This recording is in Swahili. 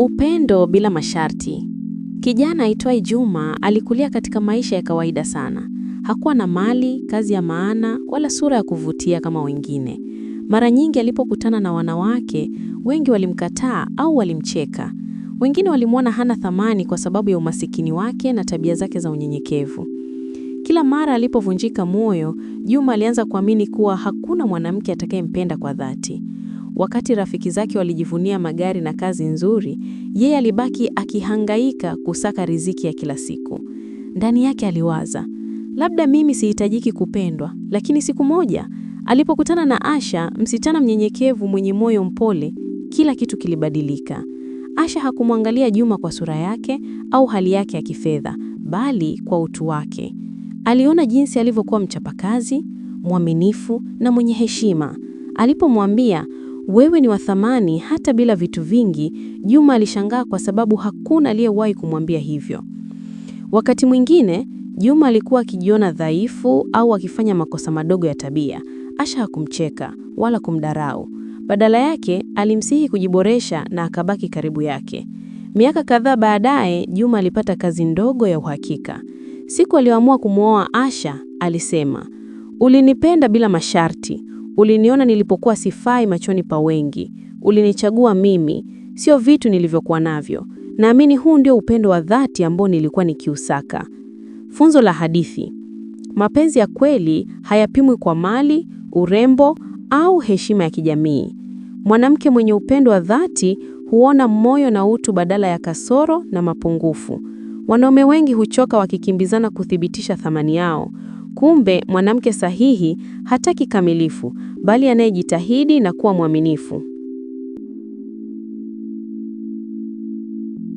Upendo bila masharti. Kijana aitwaye Juma alikulia katika maisha ya kawaida sana. Hakuwa na mali, kazi ya maana wala sura ya kuvutia kama wengine. Mara nyingi alipokutana na wanawake, wengi walimkataa au walimcheka. Wengine walimwona hana thamani kwa sababu ya umasikini wake na tabia zake za unyenyekevu. Kila mara alipovunjika moyo, Juma alianza kuamini kuwa hakuna mwanamke atakayempenda kwa dhati. Wakati rafiki zake walijivunia magari na kazi nzuri, yeye alibaki akihangaika kusaka riziki ya kila siku. Ndani yake aliwaza, labda mimi sihitajiki kupendwa. Lakini siku moja alipokutana na Asha, msichana mnyenyekevu mwenye moyo mpole, kila kitu kilibadilika. Asha hakumwangalia Juma kwa sura yake au hali yake ya kifedha, bali kwa utu wake. Aliona jinsi alivyokuwa mchapakazi, mwaminifu na mwenye heshima. Alipomwambia wewe ni wa thamani hata bila vitu vingi. Juma alishangaa kwa sababu hakuna aliyewahi kumwambia hivyo. Wakati mwingine Juma alikuwa akijiona dhaifu au akifanya makosa madogo ya tabia. Asha hakumcheka wala kumdarau, badala yake alimsihi kujiboresha na akabaki karibu yake. Miaka kadhaa baadaye, Juma alipata kazi ndogo ya uhakika. Siku aliyoamua kumwoa Asha, alisema ulinipenda bila masharti Uliniona nilipokuwa sifai machoni pa wengi, ulinichagua mimi, sio vitu nilivyokuwa navyo. Naamini huu ndio upendo wa dhati ambao nilikuwa nikiusaka. Funzo la hadithi: mapenzi ya kweli hayapimwi kwa mali, urembo au heshima ya kijamii. Mwanamke mwenye upendo wa dhati huona moyo na utu badala ya kasoro na mapungufu. Wanaume wengi huchoka wakikimbizana kuthibitisha thamani yao. Kumbe mwanamke sahihi hataki kamilifu, bali anayejitahidi na kuwa mwaminifu.